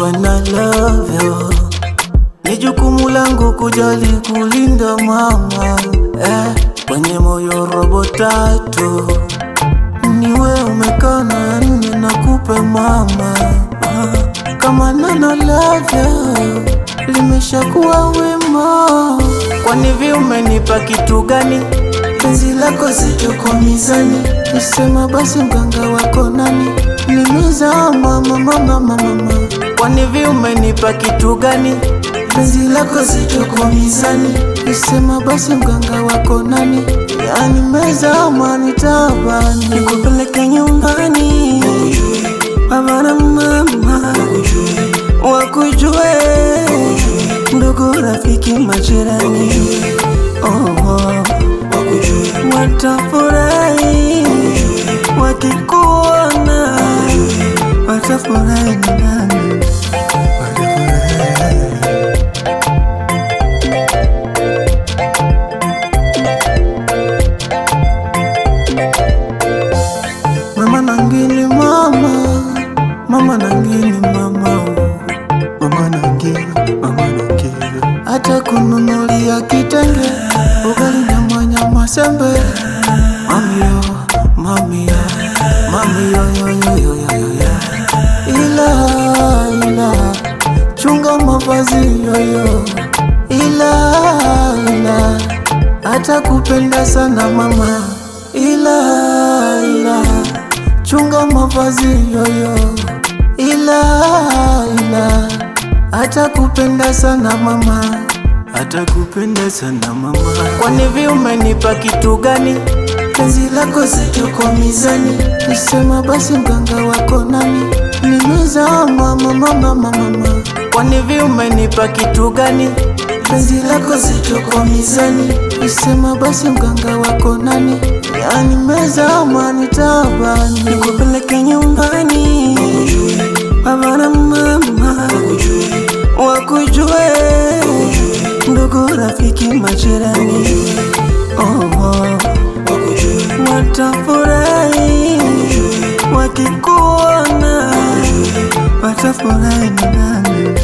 Wana love you. Ni jukumu langu kujali kulinda mama eh, kwenye moyo robo tatu niwe umekana nne nakupe mama ah, kama neno love you limeshakuwa wema Kwani vi umenipa kitu gani? Penzi lako zito kwa mizani, nasema basi mganga wako nani? Nimeza mama mama mama. Kwani vi umenipa kitu gani? Penzi lako zito kwa mizani, nasema basi mganga wako nani? Yani meza mama nitabani, Nikupeleka nyumbani rafiki majirani Watafurahi wakikuona, watafurahi nani mama nangini mama mama nangini nitakununulia kitenge, ugali na manyama sembe. Mamiyo, mamiyo, mamiyo, yoyoyo, Ila, ila, chunga mavazi yoyo. Ila, ila, kupenda sana mama. Ila, ila, chunga mavazi yoyo. Ila, ila Atakupenda sana mama, atakupenda sana mama. Kwani vi umenipa kitu gani? Penzi lako zito kwa mizani, nisema basi mganga wako nami, nimeza mama mama mama. Kwani vi umenipa kitu gani? Penzi lako zito kwa mizani, nisema basi mganga wako nani, yanimezama yaani nitabani Ujue ndugu, rafiki, majirani watafurahi wakikuona, watafurahi ni nani?